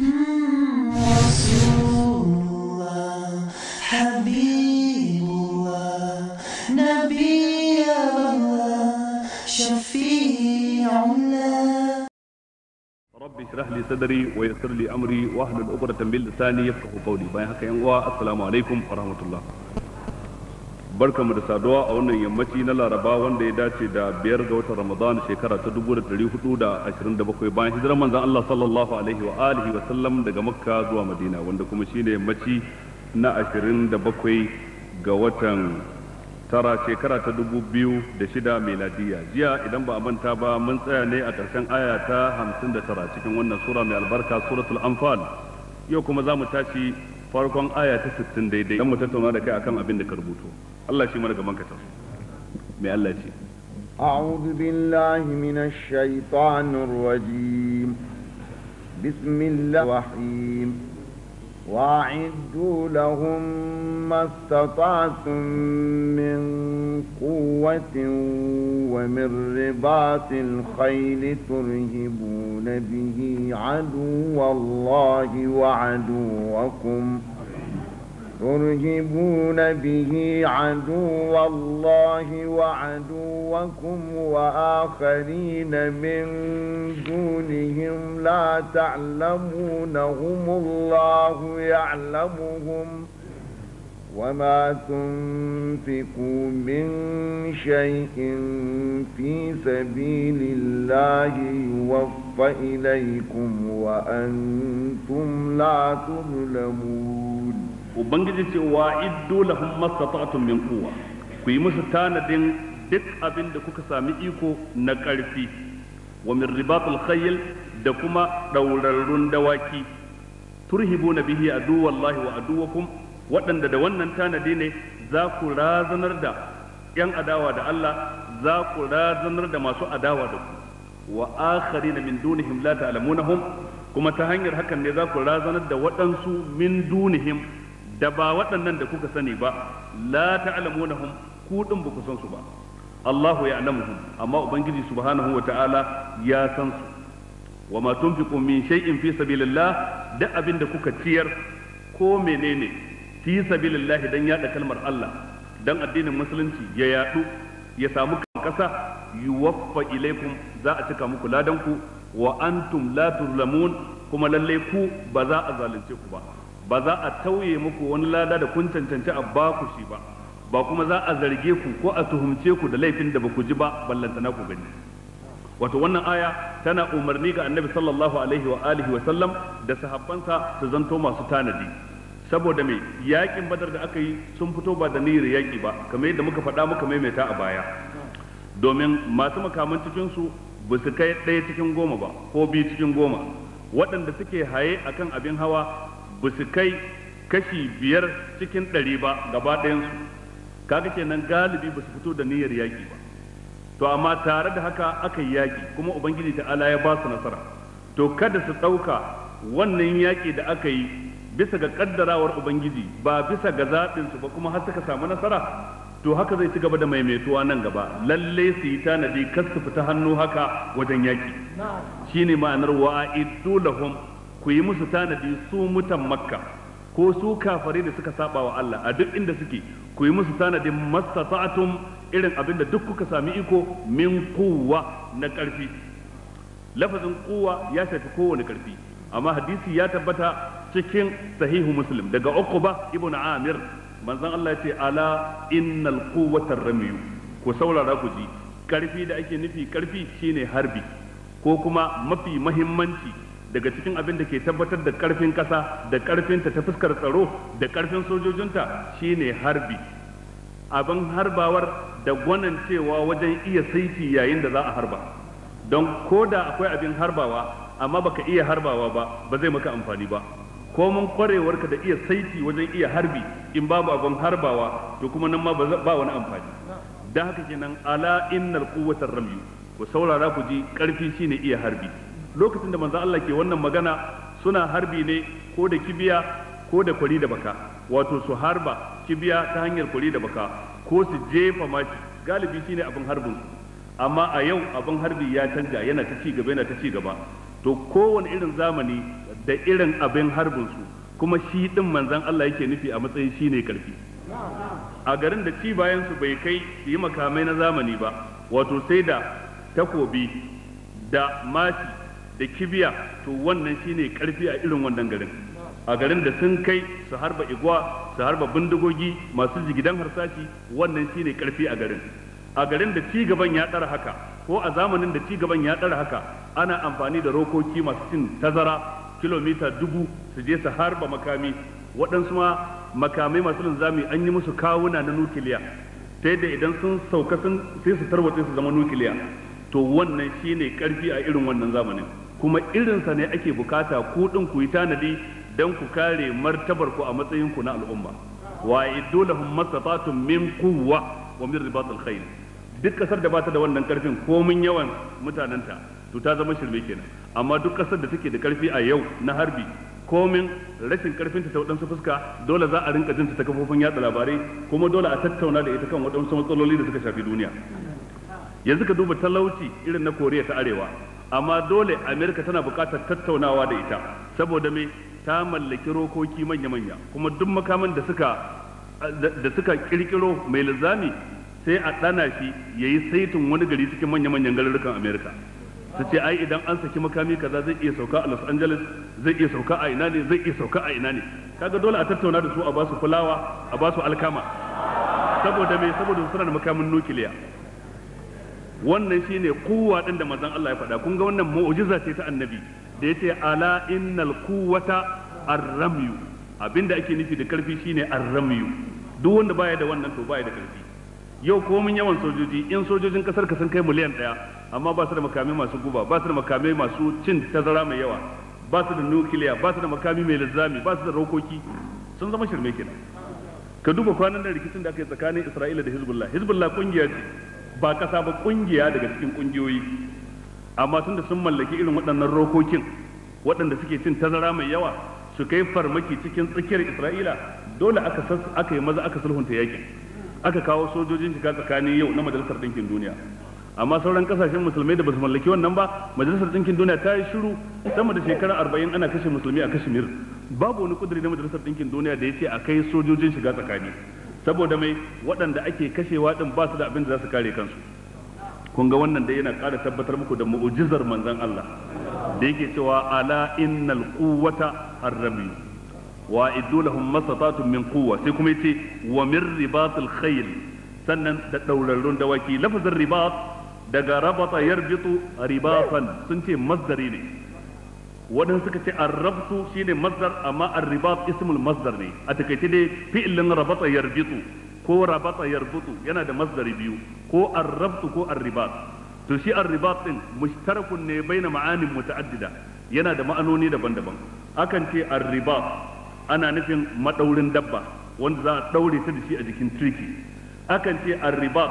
ربي اشرح لي صدري ويسر لي امري واحلل عقدة من لساني يفقه قولي باي هكا السلام عليكم ورحمة الله barka mu da saduwa a wannan yammaci na laraba wanda ya dace da biyar ga watan ramadan shekara ta dubu da dari hudu da ashirin da bakwai bayan hijirar manzan allah sallallahu alaihi wa alihi wa sallam daga makka zuwa madina wanda kuma shine yammaci na ashirin da bakwai ga watan tara shekara ta dubu biyu da shida meladiya jiya idan ba a manta ba mun tsaya ne a ƙarshen aya ta hamsin da tara cikin wannan sura mai albarka suratul anfal yau kuma za mu tashi farkon aya ta sittin daidai don mu tattauna da kai akan abin da ka rubuto الله shi mana gaban katar mai الله ce أعوذ بالله من الشيطان الرجيم بسم الله الرحيم وأعدوا لهم ما استطعتم من قوة ومن رباط الخيل ترهبون به عدو الله وعدوكم ۖ ترهبون به عدو الله وعدوكم وآخرين من دونهم لا تعلمونهم الله يعلمهم وما تنفقوا من شيء في سبيل الله يوفى إليكم وأنتم لا تظلمون ubangiji ce wa iddu lahum mastata'tum min quwwa ku yi musu tanadin duk abin da kuka sami iko na ƙarfi wa min ribatul khayl da kuma daurarrun dawaki turhibuna bihi aduwallahi wa aduwakum waɗanda da wannan tanadi ne za ku razanar da yan adawa da Allah za ku razanar da masu adawa da ku wa na min dunihim la ta'lamunahum kuma ta hanyar hakan ne za ku razanar da waɗansu min dunihim da ba waɗannan da kuka sani ba la ta'lamunahum ku din ba ku san su ba Allahu ya'lamuhum amma ubangiji subhanahu wata'ala ta'ala ya san su wa ma tunfiqu min shay'in fi sabilillah da abin da kuka ciyar ko menene fi sabilillah dan yada kalmar Allah dan addinin musulunci ya yadu ya samu kan kasa yuwaffa ilaikum za a cika muku ladan ku wa antum la tuzlamun kuma lalle ku ba za a zalunce ku ba ba za a tauye muku wani lada da kun cancanci a baku shi ba ba kuma za a zarge ku ko a tuhumce ku da laifin da ba ku ji ba na ku gani wato wannan aya tana umarni ga annabi sallallahu alaihi wa alihi wa sallam da sahabbansa su zanto masu tanadi saboda mai yakin badar da aka yi sun fito ba da niyyar yaki ba kamar yadda muka faɗa muka maimaita a baya domin masu makaman cikin su ba su kai ɗaya cikin goma ba ko biyu cikin goma waɗanda suke haye akan abin hawa ba su kai kashi biyar cikin ɗari ba gaba ɗayansu kaga kenan galibi ba su fito da niyyar yaƙi ba to amma tare da haka aka yi yaƙi kuma ubangiji ala ya ba su nasara to kada su ɗauka wannan yaƙi da aka yi bisa ga ƙaddarawar ubangiji ba bisa ga zaɓinsu ba kuma har suka samu nasara to haka zai ci gaba da maimaituwa nan gaba lalle su yi tanadi kar su fita hannu haka wajen yaƙi shine ma'anar wa'iddu lahum ku yi musu tanadi su mutan makka ko su kafare da suka saba wa Allah a duk inda suke ku yi musu tanadin mastata'atum irin abin da duk kuka sami iko min kuwa na karfi lafazin kuwa ya shafi kowane karfi amma hadisi ya tabbata cikin sahihu muslim daga uquba ibnu amir manzon Allah ya ce ala innal quwwata ramiyu ku saurara ku ji karfi da ake nufi karfi shine harbi ko kuma mafi mahimmanci daga cikin abin da ke tabbatar da karfin kasa da karfinta ta fuskar tsaro da karfin sojojinta shine harbi abin harbawar da gwanan cewa wajen iya saiti yayin da za a harba don ko da akwai abin harbawa amma baka iya harbawa ba ba zai maka amfani ba ko mun kwarewarka da iya saiti wajen iya harbi in babu abin harbawa to kuma nan ma ba wani amfani da haka kenan ala innal quwwatar ramyu ku saurara ku ji karfi shine iya harbi lokacin da manzan Allah ke wannan magana suna harbi ne ko da kibiya ko da kwari da baka wato su harba kibiya ta hanyar kwari da baka ko su jefa maki galibi shine abin harbin amma a yau abin harbi ya canja yana ta ci gaba yana ta ci gaba to kowane irin zamani da irin abin harbin su kuma shi din manzan Allah yake nufi a matsayin shine karfi a garin da ci bayan su bai kai su yi makamai na zamani ba wato sai da takobi da mashi da kibiya to wannan shine karfi a irin wannan garin a garin da sun kai su harba igwa su harba bindigogi masu jigidan harsashi wannan shine karfi a garin a garin da cigaban ya ɗara haka ko a zamanin da cigaban ya ɗara haka ana amfani da rokoki masu cin tazara kilomita dubu su je su harba makami waɗansu ma makamai masu linzami an yi musu kawuna na nukiliya ta yadda idan sun sauka sun sai su tarwatse su zama nukiliya to wannan shine karfi a irin wannan zamanin kuma irinsa ne ake bukata ku din ku yi tanadi dan ku kare martabar ku a matsayin ku na al'umma wa idulahum lahum masatatun min quwwa wa min ribat khayl duk kasar da ba ta da wannan karfin komin yawan mutanenta to ta zama shirme kenan amma duk kasar da take da karfi a yau na harbi komin rashin karfin ta waɗansu fuska dole za a rinka jinta ta kafofin yada labarai kuma dole a tattauna da ita kan waɗansu matsaloli da suka shafi duniya yanzu ka duba talauci irin na koriya ta arewa amma dole amerika tana buƙatar tattaunawa da ita saboda me ta mallaki rokoki manya-manya kuma duk makaman da suka da suka kirkiro mai lazami sai a ɗana shi ya yi saitin wani gari cikin manya-manyan garurukan amerika su ce ai idan an saki makami kaza zai iya sauka a los angeles zai iya sauka a ina ne zai iya sauka a ina ne kaga dole a tattauna da su a basu kulawa a basu alkama saboda me saboda suna da makamin nukiliya wannan shine kuwa din da manzon Allah ya faɗa kun ga wannan mu'jiza ce ta annabi da yace ala innal quwwata ar-ramyu abinda ake nufi da karfi shine ar-ramyu duk wanda baya da wannan to baya da karfi yau ko mun yawan sojoji in sojojin kasar ka sun kai miliyan ɗaya amma ba su da makami masu guba ba su da makami masu cin tazara mai yawa ba su da nukiliya ba su da makami mai lizami ba su da rokoki sun zama shirme kenan ka duba kwanan da rikicin da aka yi tsakanin Isra'ila da Hezbollah Hezbollah kungiya ce ba kasa ba kungiya daga cikin kungiyoyi amma da sun mallaki irin waɗannan rokokin waɗanda suke cin tazara mai yawa su kai farmaki cikin tsakiyar Isra'ila dole aka aka yi maza aka sulhunta yakin aka kawo sojojin shiga tsakanin yau na majalisar ɗinkin duniya amma sauran kasashen musulmai da basu mallaki wannan ba majalisar ɗinkin duniya ta yi shiru sama da shekara arba'in ana kashe musulmi a kashmir babu wani kudiri na majalisar ɗinkin duniya da ya ce a kai sojojin shiga tsakani saboda mai waɗanda ake kashewa ɗin ba su da abin da za su kare kansu kun ga wannan dai yana ƙara tabbatar muku da mu'ujizar manzon Allah da yake cewa ala innal quwwata ar-rami wa iddu masatatun min quwwa sai kuma yace wa min ribatil khayl sannan da daurarrun dawaki lafazin ribat daga rabata yarbitu ribatan sun ce masdari ne wadansu suka ce arrabtu shine masdar amma arriba ismul masdar ne a takaice dai fi'ilin rabata yarbitu ko rabata yarbutu yana da masdari biyu ko arrabtu ko arriba to shi arribat din mushtarakun ne baina ma'anin muta'addida yana da ma'anoni daban-daban akan ce arribat ana nufin madaurin dabba wanda za a daure ta da shi a jikin tirki akan ce arribat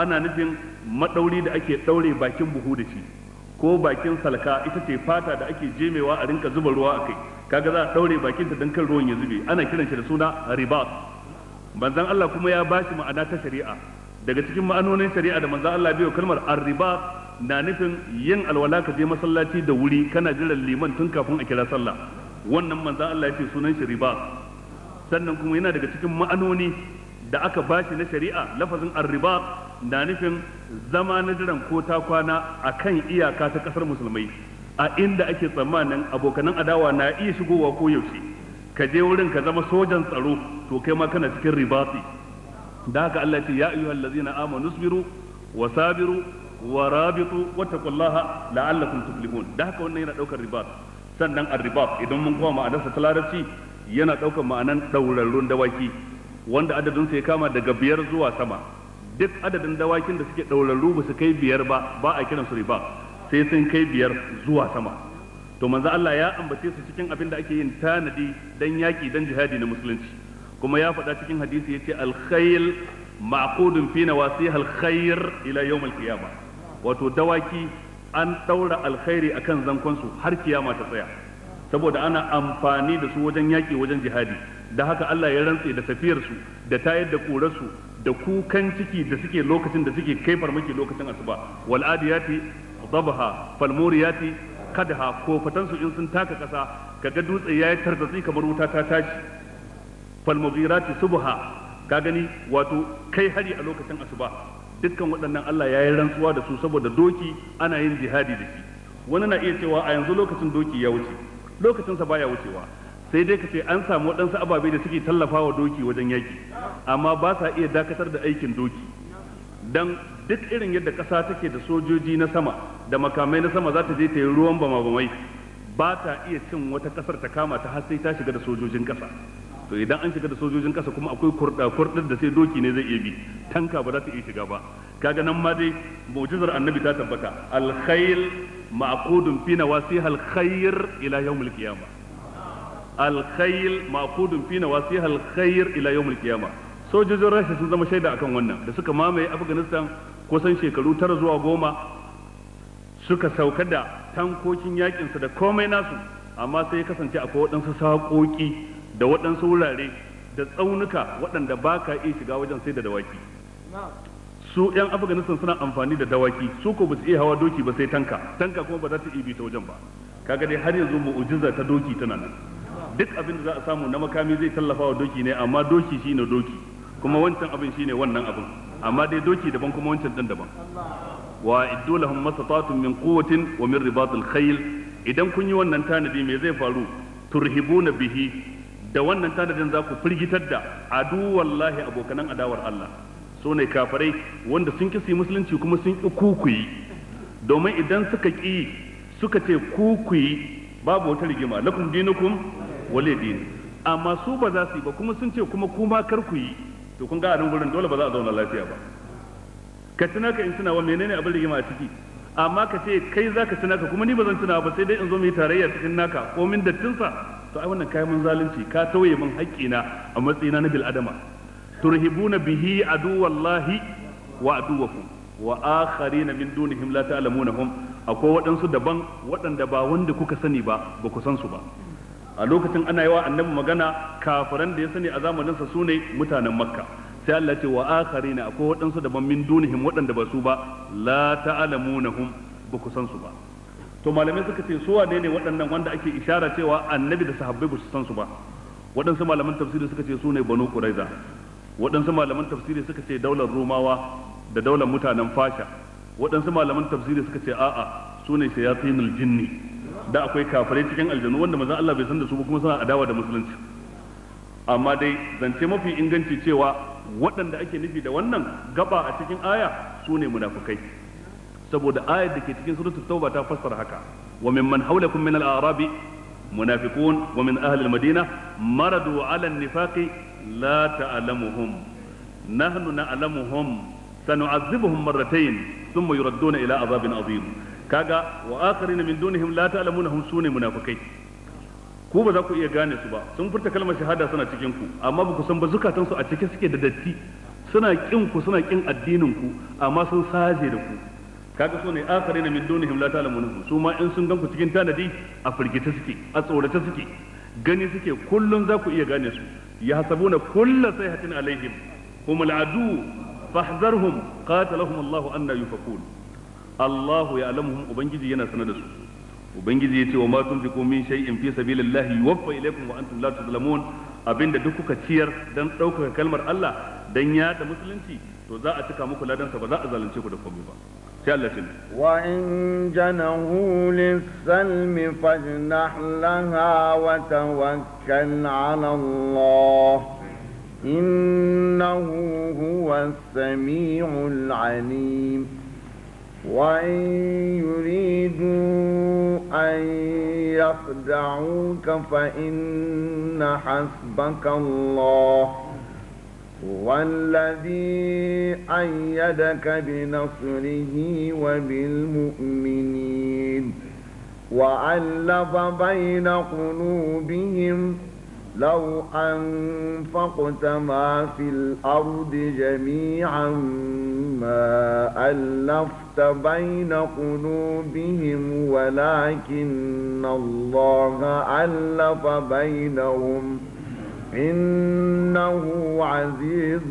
ana nufin madauri da ake daure bakin buhu da shi ko bakin salka ita ce fata da ake jemewa a rinka zuba ruwa a kai kaga za a daure bakin ta dan kan ruwan ya zube ana kiran shi da suna ribat manzon Allah kuma ya ba shi ma'ana ta shari'a daga cikin ma'anonin shari'a da manzon Allah bai kalmar ar-ribat na nufin yin alwala ka je masallaci da wuri kana jiran liman tun kafin a kira sallah wannan manzon Allah ya ce sunan shi ribat sannan kuma yana daga cikin ma'anoni da aka ba shi na shari'a lafazin ar-ribat na nufin zama na jiran ko ta kwana a kan iyaka ta kasar musulmai a inda ake tsammanin abokanan adawa na iya shigowa ko yaushe ka je wurin ka zama sojan tsaro to kai ma kana cikin ribasi da haka Allah ce ya ayyuhal ladzina amanu sabiru wa sabiru wa rabitu wattaqullaha la'allakum tuflihun da haka wannan yana daukar ribat sannan a ribat idan mun koma ma'anarsa ta larabci yana ɗaukar ma'anan daurarrun dawaki wanda adadin ya kama daga biyar zuwa sama duk adadin dawakin da suke ɗaurarru ba su kai biyar ba ba a kiran su riba sai sun kai biyar zuwa sama to manzo Allah ya ambace su cikin abin da ake yin tanadi dan yaki dan jihadi na musulunci kuma ya faɗa cikin hadisi yace al-khayl ma'qudun fi nawasiha al-khayr ila yawm al qiyama wato dawaki an daura alkhairi akan zankon su har kiyama ta tsaya saboda ana amfani da su wajen yaki wajen jihadi da haka Allah ya rantse da tafiyar su da tayar da kurar su da kukan ciki da suke lokacin da suke kai farmaki lokacin asuba wal adiyati dabha fal muriyati kadha ko fatansu in sun taka kasa kaga dutse yayi tartatsi kamar wuta ta tashi fal mughirati subha ka gani wato kai hari a lokacin asuba dukkan waɗannan Allah ya yi rantsuwa da su saboda doki ana yin jihadi da shi wani na iya cewa a yanzu lokacin doki ya wuce lokacin sa baya wucewa sai dai ka ce an samu waɗansu ababe da suke tallafawa doki wajen yaki amma ba sa iya dakatar da aikin doki don duk irin yadda ƙasa take da sojoji na sama da makamai na sama za ta je ta yi ruwan bama-bamai ba ta iya cin wata ƙasar ta kama ta har sai ta shiga da sojojin ƙasa to idan an shiga da sojojin ƙasa kuma akwai kurɗa kurɗar da sai doki ne zai iya bi tanka ba za ta iya shiga ba kaga nan ma dai mu'jizar annabi ta tabbata alkhail ma'qudun fina wasihal khayr ila yawmil qiyamah al ma'qudun fi nawasiha al ila yawm alqiyama sojojin Rasha sun zama shaida akan wannan da suka mamaye Afghanistan kusan shekaru tara zuwa goma suka sauka da tankokin yakin su da komai nasu amma sai ya kasance akwai waɗansu saƙoƙi da waɗansu wurare da tsaunuka waɗanda ba ka iya shiga wajen sai da dawaki su yan afganistan suna amfani da dawaki su ko ba iya hawa doki ba sai tanka tanka kuma ba za ta iya bi ta wajen ba kaga dai har yanzu mu'ujiza ta doki tana nan duk abin da za a samu na makami zai tallafa wa doki ne amma doki shi ne doki kuma wancan abin shi ne wannan abin amma dai doki daban kuma wancan dan daban wa iddu lahum masatatun min quwwatin wa min ribatil khayl idan kun yi wannan tanadi me zai faru turhibuna bihi da wannan tanadin za ku firgitar da adu wallahi abokanan adawar Allah so ne kafirai wanda sun kisi musulunci kuma sun ki kukuyi domin idan suka ki suka ce kukuyi babu wata rigima lakum dinukum wale din amma su ba za su yi ba kuma sun ce kuma kuma kar ku yi to kun ga a nan gurin dole ba za a zauna lafiya ba ka tuna ka in tunawa menene abin rigima a ciki amma ka ce kai za ka tuna ka kuma ni ba zan tuna ba sai dai in zo mu yi tarayya cikin naka ko min dattinsa to ai wannan kai mun zalunci ka tauye min haƙƙina a matsayina na bil adama turhibuna bihi wallahi wa aduwakum wa na min dunihim la ta'lamunahum akwai waɗansu daban waɗanda ba wanda kuka sani ba ba ku san su ba a lokacin ana yawa annabi magana kafiran da ya sani a zamanin sa sune mutanen makka sai Allah ce wa na akwai waɗansu daban min dunihim waɗanda ba su ba la ta'lamunahum ba ku san su ba to malamai suka ce su wane ne waɗannan wanda ake ishara cewa annabi da sahabbai ba su san su ba waɗansu malaman tafsiri suka ce su banu quraiza waɗansu malaman tafsiri suka ce daular romawa da daular mutanen fasha waɗansu malaman tafsiri suka ce a'a su ne shayatinul jinni da akwai kafirai cikin aljanu wanda maza Allah bai san da su kuma suna adawa da musulunci amma dai zance mafi inganci cewa waɗanda ake nufi da wannan gaba a cikin aya su ne munafukai saboda ayar da ke cikin suratul tauba ta fassara haka wa mimman hawlakum min al-arabi munafiqun wa min ahli al-madina maradu ala an-nifaqi la ta'lamuhum nahnu na'lamuhum sanu'adhibuhum marratayn thumma yuradduna ila azabin azim kaga wa na min dunihim la ta'lamunahum sune munafikai ku ba za ku iya gane su ba sun furta kalmar shahada suna cikin ku amma ba ku san ba zukatan su a cike suke da datti suna kin ku suna kin addinin ku amma sun saje da ku kaga so ne na min dunihim la ta'lamunahum su ma in sun gan ku cikin tanadi a firgita suke a tsorata suke gani suke kullun za ku iya gane su ya hasabuna kullu sayhatin alaihim hum al'adu fahzarhum qatalahum Allahu anna yufakun Allahu ya'lamuhum ubangiji yana sanar da su ubangiji yace wa ma tunfiqu min shay'in fi sabilillahi yuwaffa ilaykum wa antum la tuzlamun abinda duk kuka ciyar dan ɗaukaka kalmar Allah dan yada musulunci to za a cika muku ladansa ba za a zalunce ku da komai ba sai Allah ce wa in janahu lis-salmi fajnah laha wa tawakkal 'ala Allah إنه هو السميع العليم وإن يريدوا أن يخدعوك فإن حسبك الله هو الذي أيدك بنصره وبالمؤمنين وألف بين قلوبهم لو أنفقت ما في الأرض جميعا ما ألفت بين قلوبهم ولكن الله ألف بينهم إنه عزيز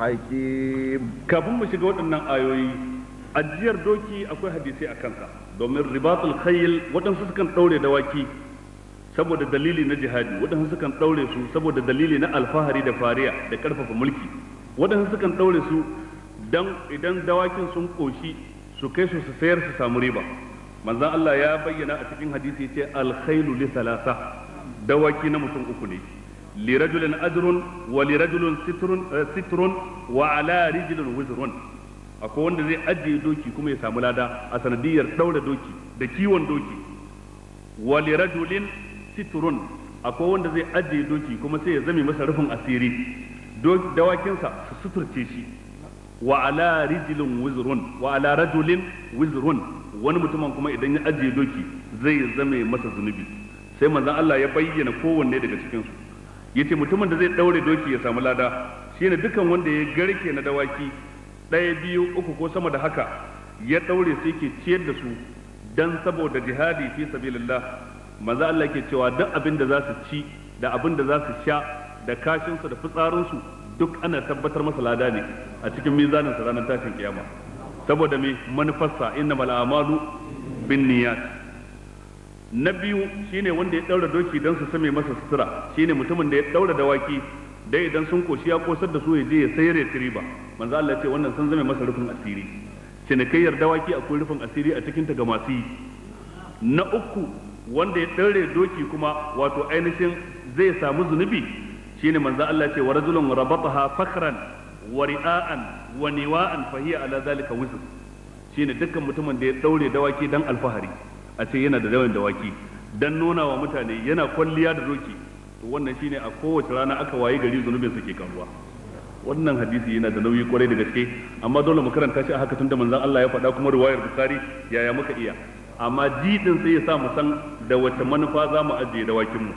حكيم كابوم مشيقول أن آيوي أجير دوكي أكو حديثي أكنك دومير رباط الخيل وتنسكن تولي دواكي saboda dalili na jihadi waɗansu sukan ɗaure su saboda dalili na alfahari da fariya da ƙarfafa mulki waɗansu sukan ɗaure su dan idan dawakin sun ƙoshi su kai su su sayar su samu riba manzan Allah ya bayyana a cikin hadisi ce alkhailu li salasa dawaki na mutum uku ne li rajulin ajrun wa li rajulin sitrun eh, sitrun wa ala rijlin wizrun akwai wanda zai ajiye doki kuma ya samu lada a sanadiyar ɗaure doki da kiwon doki wa li rajulin siturun akwai wanda zai ajiye doki kuma sai ya zame masa rufin asiri dawakinsa su suturce shi wa ala rijilin wizrun wa ala rajulin wizrun wani mutumin kuma idan ya ajiye doki zai zame masa zunubi sai manzan Allah ya bayyana kowanne daga cikin su yace mutumin da zai daure doki ya samu lada shine dukan wanda ya garke na dawaki ɗaya biyu uku ko sama da haka ya daure sai ke ciyar da su dan saboda jihadi fi sabilillah manzo Allah ke cewa duk abin da za su ci da abin da za su sha da kashinsu da fitsarinsu duk ana tabbatar masa lada ne a cikin mizanin sa ranar tashin kiyama saboda me manufarsa mal a'malu binniyat na biyu shine wanda ya daura doki dan su same masa sutura shine mutumin da ya daura dawaki dai idan sun koshi ya kosar da su ya je ya sayar ya riba manzo Allah ce wannan sun zame masa rufin asiri cinikayyar dawaki akwai rufin asiri a cikin ta ga masu na uku wanda ya ɗaure doki kuma wato ainihin zai samu zunubi shine manzo Allah ce wa rajulun rabataha fakran wa ri'an wa niwa'an fa ala zalika shine dukkan mutumin da ya daure dawaki dan alfahari a ce yana da dawan dawaki dan nuna wa mutane yana kwalliya da doki to wannan shine a kowace rana aka waye gari zunubin ke karuwa wannan hadisi yana da nauyi kwarai da gaske amma dole mu karanta shi a haka tunda manzon Allah ya faɗa kuma riwayar Bukhari yaya muka iya amma jidin sai ya sa mu san da wata manufa za mu ajiye wakin mu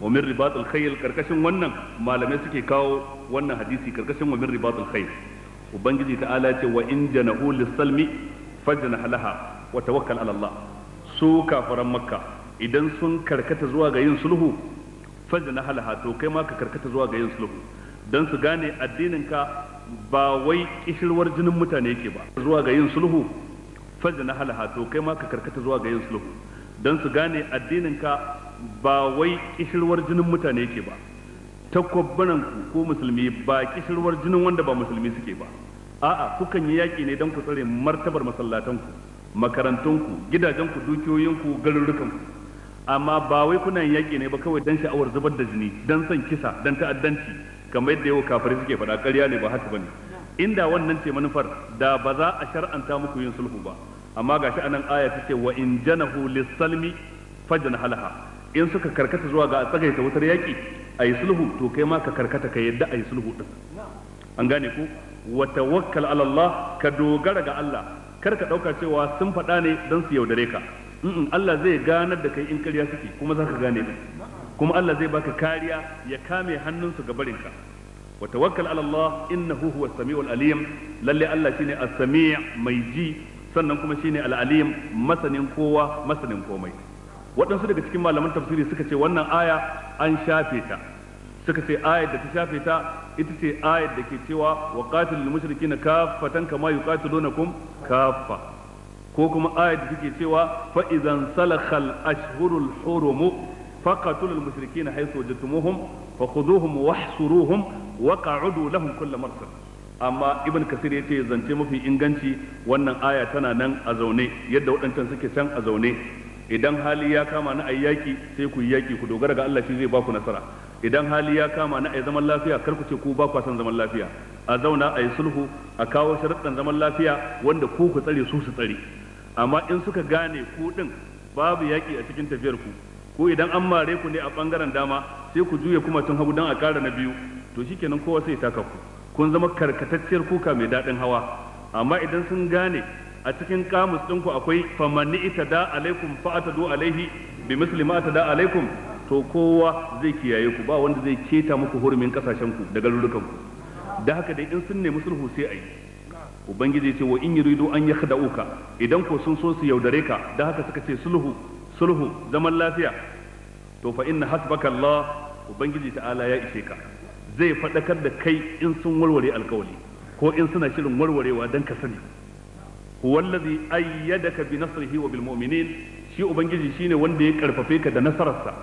wa min ribatul khayl karkashin wannan malamai suke kawo wannan hadisi karkashin wa min ribatul khayl ubangiji ta'ala ce wa in janahu lis-salmi fajnah halaha wa tawakkal ala Allah su kafaran makka idan sun karkata zuwa ga yin sulhu fajna halaha to kai ma ka karkata zuwa ga yin sulhu dan su gane addinin ka ba wai kishirwar jinin mutane yake ba zuwa ga yin sulhu faja na halaha to kai ma ka karkata zuwa ga yin sulhu don su gane addinin ka ba wai kishirwar jinin mutane ke ba takwabbanan ku ko musulmi ba kishirwar jinin wanda ba musulmi suke ba a'a kukan yi yaƙi ne don ku tsare martabar masallatanku makarantunku gidajenku dukiyoyinku gidajen amma ba wai kuna yin yaƙi ne ba kawai don sha'awar zubar da jini don son kisa don ta'addanci kamar yadda yau kafirai suke faɗa ƙarya ne ba haka bane inda wannan ce manufar da ba za a shar'anta muku yin sulhu ba amma gashi anan aya ta ce wa in janahu lis-salmi halaha in suka karkata zuwa ga tsagaita wutar yaki ayi sulhu to kai ma ka karkata ka yadda ayi sulhu din an gane ku wa tawakkal ala Allah ka dogara ga Allah kar ka ɗauka cewa sun faɗa ne don su yaudare ka in Allah zai ganar da kai in ƙarya suke kuma za ka gane din kuma Allah zai baka kariya ya kame hannunsu ga barinka wa tawakkal ala Allah innahu huwa samiul alim lalle Allah shine as-sami' mai ji sannan kuma shine al masanin kowa masanin komai waɗansu daga cikin malaman tafsiri suka ce wannan aya an shafe ta suka ce ayar da ta shafe ta ita ce ayar da ke cewa wa qatilul mushrikina kaffatan kama yuqatilunakum kaffa ko kuma ayar da take cewa fa idzan salakhal ashhurul hurum faqatul mushrikina haythu wajadtumuhum fakhuduhum wahsuruhum waqa'udu lahum kull marsad amma ibn kasir ya ce zance mafi inganci wannan aya tana nan a zaune yadda waɗancan suke can a zaune idan hali ya kama na ayi yaki sai ku yi yaki ku dogara ga Allah shi zai baku nasara idan hali ya kama na ayi zaman lafiya kar ku ce ku ba ku zaman lafiya a zauna ayi sulhu a kawo sharuɗan zaman lafiya wanda ku ku tsare su su tsare amma in suka gane ku din babu yaki a cikin tafiyar ku ko idan an mare ku ne a bangaren dama sai ku juya kuma tun hagu dan a ƙara na biyu to shikenan kowa sai taka ku kun zama karkatacciyar kuka mai daɗin hawa amma idan sun gane a cikin kamus ɗinku akwai famanni ita da alaikum fa'atadu alaihi bi misli da alaikum to kowa zai kiyaye ku ba wanda zai keta muku hurumin kasashen ku da garurukan ku da haka dai in sun nemi sulhu sai ayi ubangiji ce wa in yuridu an yakhda'uka idan ko sun so su yaudare ka da haka suka ce sulhu sulhu zaman lafiya to fa inna hasbaka Allah ubangiji ta'ala ya ishe ka zai faɗakar da kai in sun warware alkawali ko in suna shirin warwarewa don ka sani wallazi ayyadaka bi nasrihi wa bil mu'minin shi ubangiji shine wanda ya karfafe ka da nasararsa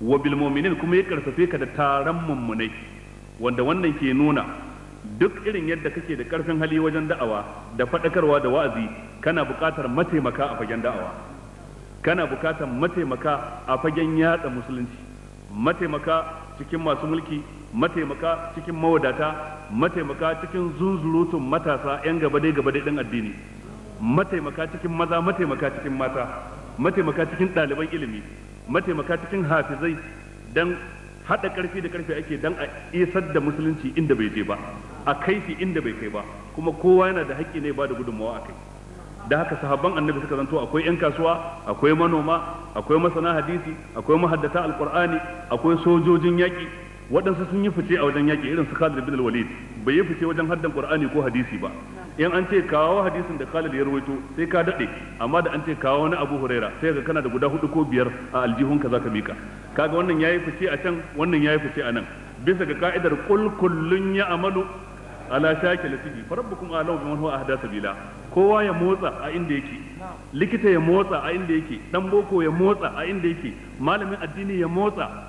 wa bil mu'minin kuma ya karfafe ka da taron mummunai wanda wannan ke nuna duk irin yadda kake da karfin hali wajen da'awa da faɗakarwa da wa'azi kana buƙatar mataimaka a fagen da'awa kana buƙatar mataimaka a fagen yatsa musulunci mataimaka cikin masu mulki mataimaka cikin mawadata mataimaka cikin zunzurutun matasa yan gaba dai gaba dai din addini mataimaka cikin maza mataimaka cikin mata mataimaka cikin ɗaliban ilimi mataimaka cikin hafizai dan haɗa ƙarfi da ƙarfi ake dan a isar da musulunci inda bai je ba a kaifi inda bai kai ba kuma kowa yana da haƙƙi ne ba da gudunmawa a kai da haka sahabban annabi suka zanto akwai 'yan kasuwa akwai manoma akwai masana hadisi akwai mahaddata alkur'ani akwai sojojin yaƙi waɗansu sun yi fice a wajen yaƙi irin su Khalid bin Walid bai yi fice wajen haddan Qur'ani ko hadisi ba in an ce kawo hadisin da Khalid ya rawaito sai ka dade amma da an ce kawo na Abu Huraira sai ka kana da guda hudu ko biyar a aljihun ka zaka mika kaga wannan yayi fice a can wannan yayi fice a nan bisa ga ka'idar kul kullun ya amalu ala shakil sibi farabbukum alau biman huwa ahda sabila kowa ya motsa a inda yake likita ya motsa a inda yake dan boko ya motsa a inda yake malamin addini ya motsa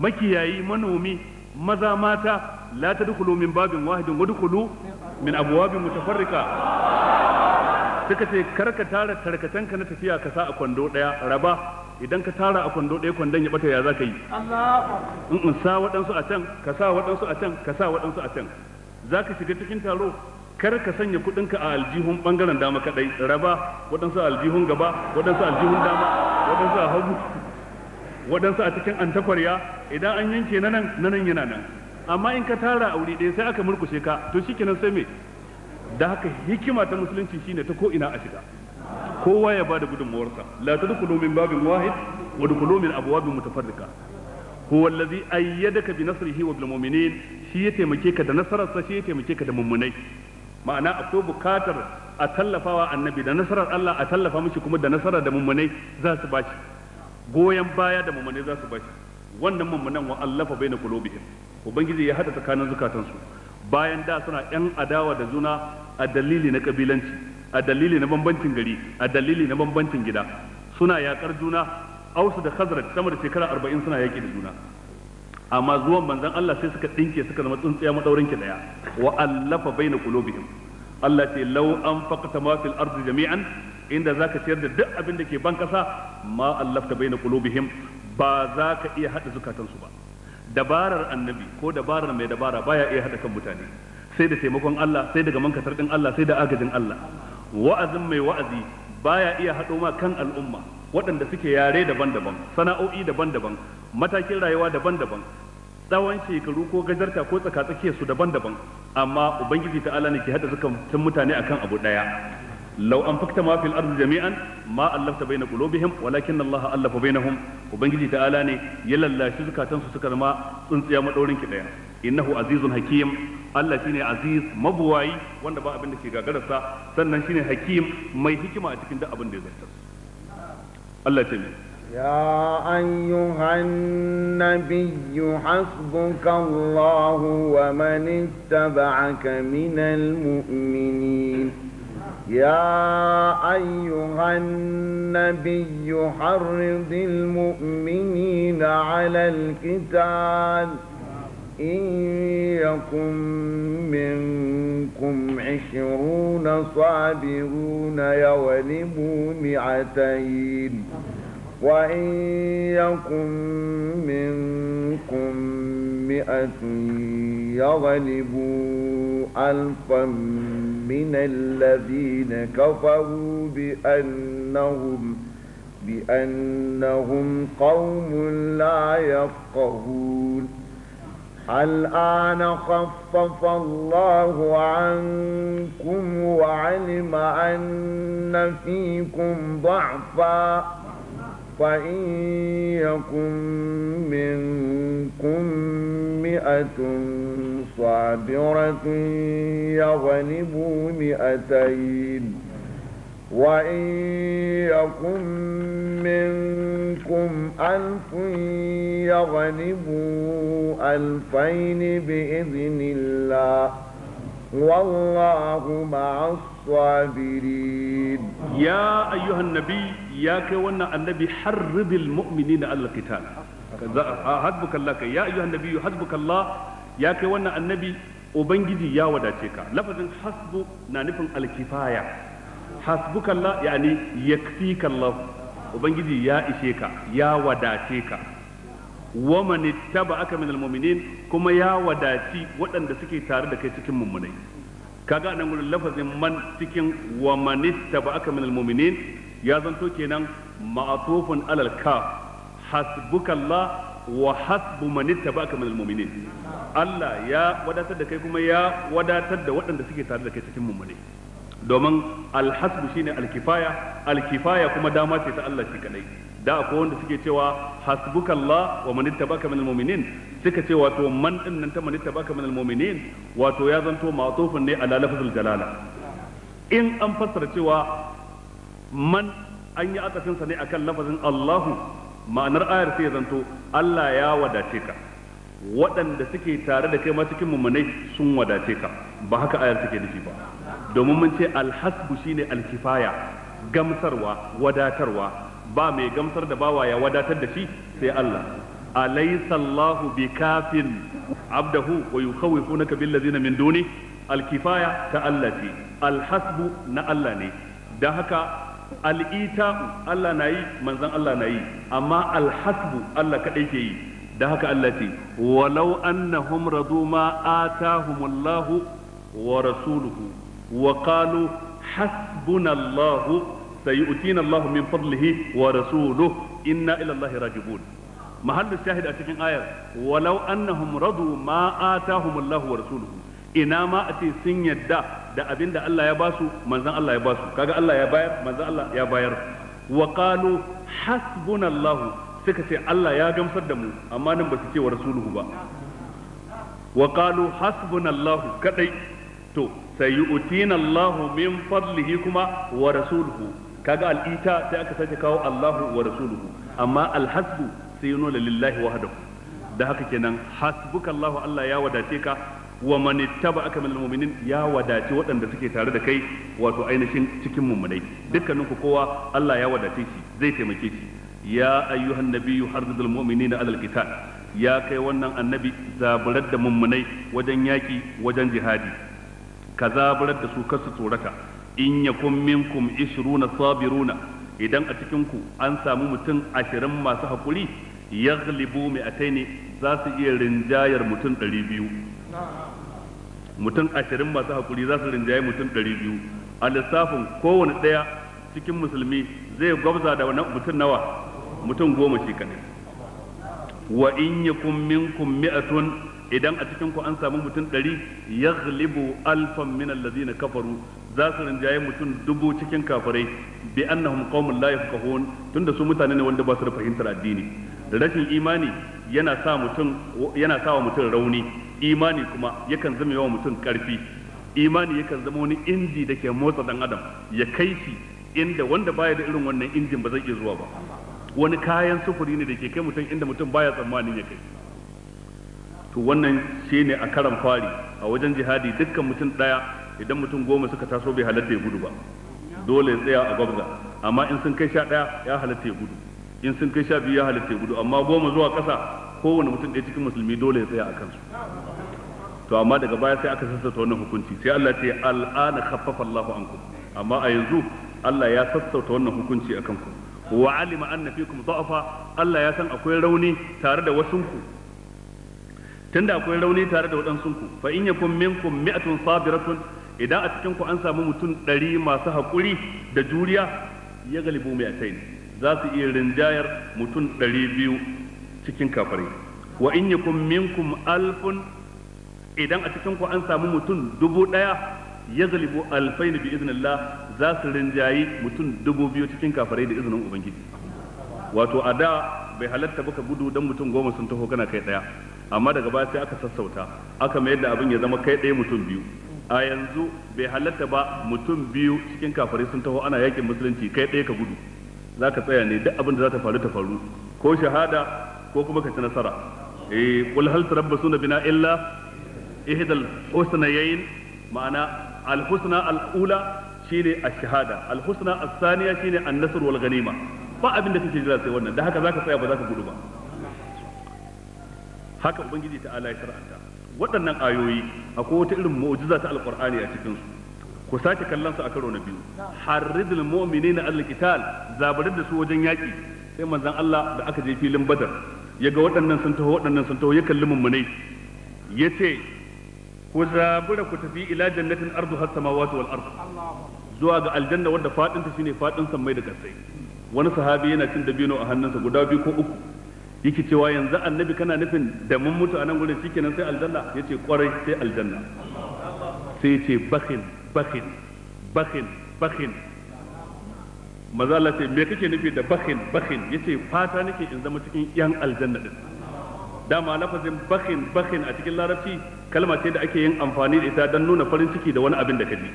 makiyayi manomi maza mata la tadkhulu min babin wahidin wadkhulu min abwabin mutafarrika suka ce karka tara ka na tafiya ka sa a kwando daya raba idan ka tara a kwando ɗaya kwandon ya bata ya zaka yi in sa waɗansu a can ka sa waɗansu a can ka sa waɗansu a can za ka shiga cikin taro kar ka sanya kuɗinka a aljihun ɓangaren dama kaɗai raba waɗansu aljihun gaba waɗansu aljihun dama waɗansu a hagu waɗansu a cikin antakwarya idan an yanke na nan na nan yana nan amma in ka tara a wuri ɗaya sai aka murkushe ka to shi kenan sai me da haka hikima ta musulunci shine ta ko ina a shiga kowa ya bada gudunmawarsa la tadkhulu min babin wahid wa dkhulu min abwabin mutafarrika huwa allazi ayyadaka bi nasrihi wa bil mu'minin shi ya taimake ka da nasarar sa shi ya taimake ka da mummunai ma'ana akwai bukatar a tallafawa annabi da nasarar Allah a tallafa mishi kuma da nasarar da mummunai za su bashi goyon baya da mamane za su bashi wannan mamanan wa allafa baina qulubihim ubangiji ya hada tsakanin zukatansu bayan da suna yan adawa da juna a dalili na kabilanci a dalili na bambancin gari a dalili na bambancin gida suna yaƙar juna ausu da khazraj sama da shekara arba'in suna yaki da juna amma zuwan manzon Allah sai suka dinke suka zama tsuntsiya maɗaurin ki daya wa allafa baina qulubihim Allah ce an anfaqta ma fil ardi jami'an inda zaka ciyar da duk abin da ke ban kasa ma allafta baina kulubihim ba za ka iya haɗa zukatansu ba dabarar annabi ko dabarar mai dabara baya iya hada kan mutane sai da taimakon Allah sai daga mankatar din Allah sai da agajin Allah wa'azin mai wa'azi baya iya hado ma kan al'umma waɗanda suke yare daban-daban sana'o'i daban-daban matakin rayuwa daban-daban tsawon shekaru ko gajarta ko tsaka su daban-daban amma ubangiji ta'ala ne ke haɗa zukan mutane akan abu ɗaya. لو أنفقت ما في الأرض جميعا ما ألفت بين قلوبهم ولكن الله ألف بينهم وبنجي تعالى يلا لا شزكا تنسو سكر ما تنس يا مدورين كده إنه عزيز حكيم الله شيني عزيز مبواي وانا بقى بندك يقا قرصة سنة شيني حكيم ما يحكي ما أتكين ده أبن الله شيني يا أيها النبي حسبك الله ومن اتبعك من المؤمنين يا أيها النبي حرض المؤمنين على القتال إن يكن منكم عشرون صابرون يولبوا مئتين وإن يكن منكم مئة يغلبوا ألفا من الذين كفروا بأنهم بأنهم قوم لا يفقهون الآن خفف الله عنكم وعلم أن فيكم ضعفاً فإن يكن منكم مئة صابرة يغلبوا مئتين وإن يكن منكم ألف يغلبوا ألفين بإذن الله والله مع الصابرين يا أيها النبي ya kai wannan annabi harridil mu'minina al qital hasbuka Allah kai ya ayyuhan nabiyyu hasbuka Allah ya kai wannan annabi ubangiji ya wadace ka lafazin hasbu na nufin alkifaya hasbuka Allah yani yakfika Allah ubangiji ya ishe ka ya wadace ka wa man ittaba'aka minal mu'minin kuma ya wadaci waɗanda suke tare da kai cikin mummunai kaga nan gurin lafazin man cikin wa man ittaba'aka minal mu'minin ya zanto kenan ma'atufun alal kaf hasbukallah wa hasbu man ittaba'aka minal mu'minin Allah ya wadatar da kai kuma ya wadatar da waɗanda suke tare da kai cikin mummune domin alhasbu shine alkifaya alkifaya kuma dama ce ta Allah shi kadai da akwai wanda suke cewa hasbukallah wa man ittabaka minal mu'minin suka ce wato man din nan ta man ittabaka minal mu'minin wato ya zanto ma'tufun ne ala lafzul jalala in an fassara cewa man an yi akasinsa ne akan lafazin Allahu ma'anar ayar sai ya zanto Allah ya wadace ka waɗanda suke tare da kai ma cikin mummunai sun wadace ka ba haka ayar take nufi ba domin mun ce alhasbu shine alkifaya gamsarwa wadatarwa ba mai gamsar da bawa ya wadatar da shi sai Allah alaysa Allahu bikafin abdahu wa yukhawifunaka billazina min duni alkifaya ta Allah ce alhasbu na Allah ne dan haka al'ita'u Allah na yi manzan Allah na yi amma alhasbu Allah kaɗai ke yi da haka Allah ce walau annahum radu ma atahumullahu wa rasuluhu wa qalu hasbunallahu sayu'tina Allahu min fadlihi wa rasuluhu inna ila Allahi rajibun mahallu shahid a cikin ayar walau annahum radu ma atahumullahu wa rasuluhu ina ma a ce sun yadda da abin da Allah ya ba su manzan Allah ya ba su kaga Allah ya bayar manzan Allah ya bayar wa qalu hasbunallahu suka ce Allah ya gamsar da mu amma nan ba su ce wa rasuluhu ba wa qalu hasbunallahu kadai to sayu'tina Allahu min fadlihi kuma wa rasuluhu kaga al'ita sai aka sake kawo Allahu wa rasuluhu amma alhasbu sai nuna lillahi wahdahu da haka kenan hasbukallahu Allah ya wadace ka wa man aka min almu'minin ya wadace waɗanda suke tare da kai wato ainihin cikin mummunai dukkaninku kowa Allah ya wadace shi zai taimake shi ya ayyuhan nabiyyu harzul mu'minina alal qital ya kai wannan annabi zaburar da mummunai wajen yaki wajen jihadi ka zaburar da su kasu tsorata in yakum minkum 20 sabiruna idan a cikin ku an samu mutum ashirin masu hakuri yaghlibu mi'ataini za su iya rinjayar mutum 200 mutum ashirin masu hakuri za su rinjaye mutum ɗari biyu a lissafin kowane ɗaya cikin musulmi zai gwabza da mutum nawa mutum goma shi kaɗai wa in yakun a tun idan a cikin ku an samu mutum ɗari ya zalibu alfan min na kafaru za su rinjaye mutum dubu cikin kafirai bi annahum qaumun la tun tunda su mutane ne wanda ba su da fahimtar addini rashin imani yana sa yana sa wa mutum rauni imani kuma yakan zama yawan mutum karfi imani yakan zama wani inji da ke motsa dan adam ya kai shi inda wanda baya da irin wannan injin ba zai iya zuwa ba wani kayan sufuri ne da ke kai mutum inda mutum baya tsammanin ya kai to wannan shine a karan fari a wajen jihadi dukkan mutum daya idan mutum goma suka taso bai halatta ya gudu ba dole ya tsaya a gwabza amma in sun kai sha daya ya halatta ya gudu in sun kai sha biyu ya halatta ya gudu amma goma zuwa kasa kowane mutum da cikin musulmi dole ya tsaya a kansu to amma daga baya sai aka sassauta wannan hukunci sai Allah ce al'ana khaffafa Allahu ankum amma a yanzu Allah ya sassauta wannan hukunci akan ku wa alima anna fikum Allah ya san akwai rauni tare da ku tunda akwai rauni tare da ku fa in yakum minkum mi'atun sabiratun idan a cikin ku an samu mutum ɗari masu haƙuri da juriya ya galibu mai za su iya rinjayar mutum ɗari biyu cikin kafare wa in yakum minkum alfun idan a cikin ku an samu mutum dubu daya ya zalibu alfain bi iznillah za su rinjayi mutum dubu biyu cikin kafare da izinin ubangiji wato a da bai halatta baka gudu dan mutum goma sun taho kana kai daya amma daga baya sai aka sassauta aka mayar da abin ya zama kai daya mutum biyu a yanzu bai halatta ba mutum biyu cikin kafare sun taho ana yakin musulunci kai daya ka gudu za ka tsaya ne duk abin da za ta faru ta faru ko shahada ko kuma ka ci nasara eh qul hal tarabbasuna bina illa ihdal husnayayn ma'ana al husna al ula shine ash-shahada al husna as-thaniya shine an-nasr wal ghanima ba abin da kake jira sai wannan da haka zaka tsaya ba zaka gudu ba haka ubangiji ta ala ya shar'anta waɗannan ayoyi akwai wata irin mu'jiza ta alqur'ani a cikin su ku sake kallon su a karo na biyu harridul mu'minina al-qital zabarin da su wajen yaki sai manzon Allah da aka je filin badar ya ga waɗannan sun taho waɗannan sun taho ya kalli mummunai ya ce ku zabura ku tafi ila jannatin ardu har samawati wal zuwa ga aljanna wadda fadin ta shine fadin sammai da kasai wani sahabi yana cin dabino a hannunsa guda biyu ko uku yake cewa yanzu annabi kana nufin da mun mutu a nan gurin shikenan sai aljanna yace kwarai sai aljanna sai yace bakhin bakhin bakhin bakhin maza Allah ce me kake nufi da bakhin bakhin yace fata nake in zama cikin yan aljanna din dama lafazin bakhin bakhin a cikin larabci kalma ce da ake yin amfani da ita don nuna farin ciki da wani abin da kaji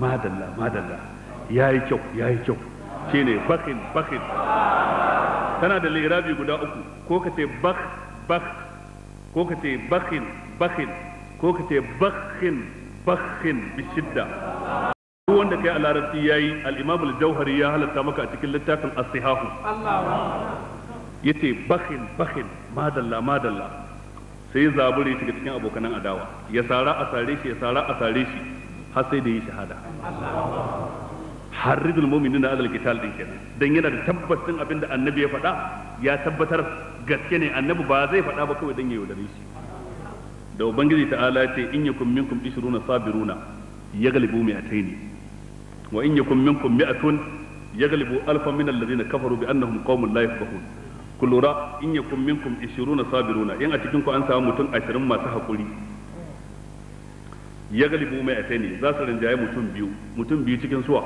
madalla madalla yayi kyau yayi kyau shine bakhin bakhin tana da lirabi guda uku ko ka ce bak bak ko ka ce bakhin bakhin ko ka ce bakhin bakhin shidda yabo wanda kai a larabci yayi yi, imam jauhari ya halatta maka a cikin littafin as-sihahu yace bakhil bakhil madalla madalla sai zaburi shiga cikin abokanan adawa ya sara a sare shi ya sara a sare shi har sai da yi shahada harridul mu'minina alal qital din kenan dan yana da tabbacin abin da annabi ya faɗa ya tabbatar gaske ne annabi ba zai faɗa ba kawai dan ya yaudare shi da ubangiji ta'ala ya ce in yakum minkum 20 sabiruna yaghlibu mi'ataini wa in yakum minkum mi'atun yaghlibu alfan min alladhina kafaru bi annahum qaumun la yafqahun ku lura in yakum minkum 20 sabiruna in a cikin ku an samu mutum 20 masu hakuri yaghlibu mi'ataini za su rinjaye mutum biyu mutum biyu cikin suwa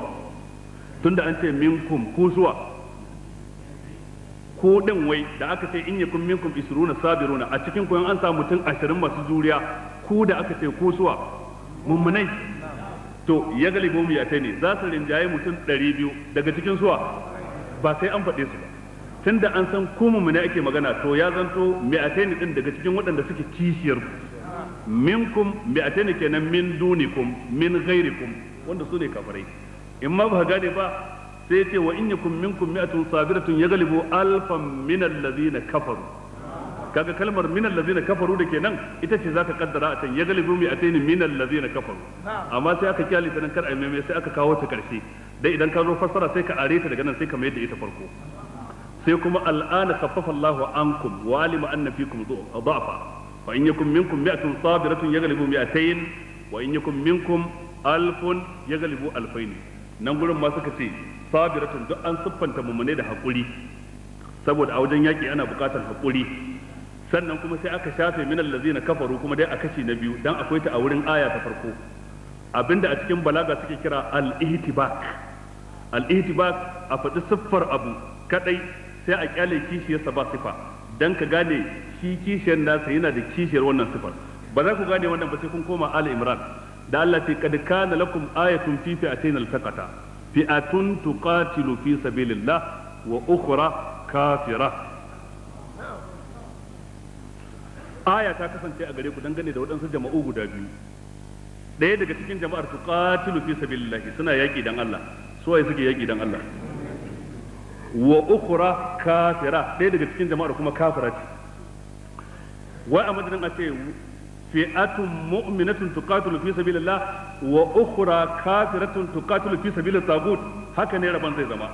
tunda an ce minkum ku suwa ko din wai da aka ce in yakun minkum isruna sabiruna a cikin koyon an samu mutum ashirin masu juriya ko da aka ce ko suwa mummunai to ya galibo mu yatai ne za su rinjaye mutum ɗari biyu daga cikin suwa ba sai an faɗe su ba tun da an san mu ne ake magana to ya zanto mi'atai ne ɗin daga cikin waɗanda suke kishiyar kum mi'atai ne kenan min duni kum min gairi kum wanda su ne kafarai in ma ba gane ba sai ce wa in yakum minkum mi'atun sabiratun ya galibo alfan min allazina kafaru kaga kalmar minal ladzina kafaru da kenan ita ce zaka kaddara a can ya galibu mi ataini minal ladzina kafaru amma sai aka kyale ta nan kar ai mai sai aka kawo ta karshe dai idan ka zo fassara sai ka areta daga nan sai ka mai da ita farko sai kuma al'ana khaffafa Allahu ankum wa alima anna fikum dha'fa fa in yakum minkum mi'atun sabiratun yaghlibu mi'atayn wa in yakum minkum alfun yaghlibu alfayn nan gurin ma suka ce sabiratun duk an siffanta mumune da hakuri saboda a wajen yaki ana bukatar hakuri sannan kuma sai aka shafe min na kafaru kuma dai a kashi na biyu dan akwai ta a wurin aya ta farko abinda a cikin balaga suke kira al-ihtibak al-ihtibak a faɗi siffar abu kadai sai a kyale kishiyarsa ba sifa dan ka gane shi kishiyar nasa yana da kishiyar wannan sifar ba za ku gane wannan ba sai kun koma al imran da Allah ce kad kana lakum ayatun fi fi'atayn al-taqata fi'atun tuqatilu fi sabilillah wa ukhra kafirah aya ta kasance a gare ku dangane da waɗansu jama'u guda biyu ɗaya daga cikin jama'ar su qatilu fi sabilillahi suna yaƙi dan Allah su ai suke yaƙi dan Allah wa ukhra kafira ɗaya daga cikin jama'ar kuma kafira ce wai a madadin a ce fi'atun mu'minatun tuqatilu fi sabilillah wa ukhra kafiratun tuqatilu fi sabilillah tagut haka ne rabon zai zama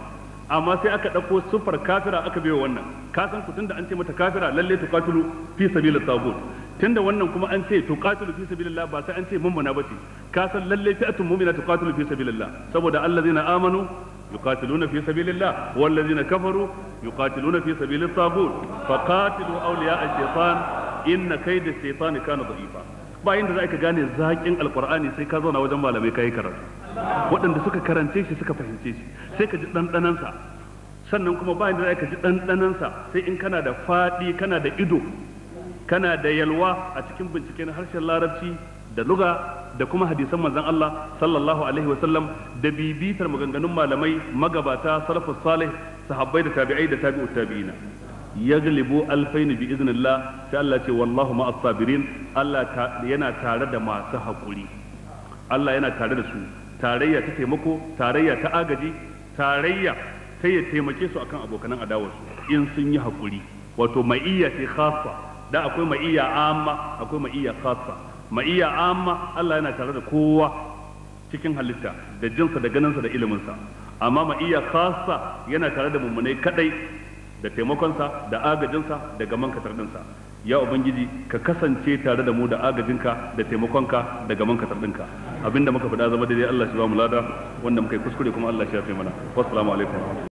amma sai aka ɗauko sufar kafira aka biyo wannan kasan san ku tunda an ce mata kafira lalle tuqatilu fi sabila tagut tunda wannan kuma an ce tuqatilu fi sabilillah ba sai an ce mummuna bace ka san lalle fi'atun mu'mina tuqatilu fi sabilillah saboda allazina amanu fi في سبيل الله والذين كفروا يقاتلون في سبيل الطاغوت فقاتلوا اولياء الشيطان ان كيد الشيطان كان ضعيفا bayan da za ka gane zaƙin alkur'ani sai ka zauna wajen malamai ka yi karatu waɗanda suka karance shi suka fahimce shi sai ka ji ɗanɗanansa sannan kuma bayan da ka ji ɗanɗanansa sai in kana da faɗi kana da ido kana da yalwa a cikin binciken harshen larabci da luga da kuma hadisan manzon Allah sallallahu alaihi wa sallam da bibitar maganganun malamai magabata salafus salih sahabbai da tabi'ai da tabi'ut tabi'ina yaglibu alfain bi iznillah sai Allah ce wallahu ma'as sabirin Allah yana tare da masu hakuri Allah yana tare da su tarayya ta taimako tarayya ta agaji tarayya ta ya taimake su akan abokanan adawarsu in sun yi hakuri wato ma'iyya ce khassa da akwai ma'iyya amma akwai ma'iyya khassa ma'iyya amma Allah yana tare da kowa cikin halitta da jinsa da ganinsa da iliminsa amma ma'iyya kasa yana tare da mummunai kadai da taimakonsa da agajinsa da gaman katardinsa ya ubangiji ka kasance tare da mu da agajinka da taimakonka da gaman katardinka abinda muka faɗa zama daidai Allah shi ba mu lada wanda muka yi kuskure kuma Allah shi ya fi mana wassalamu alaikum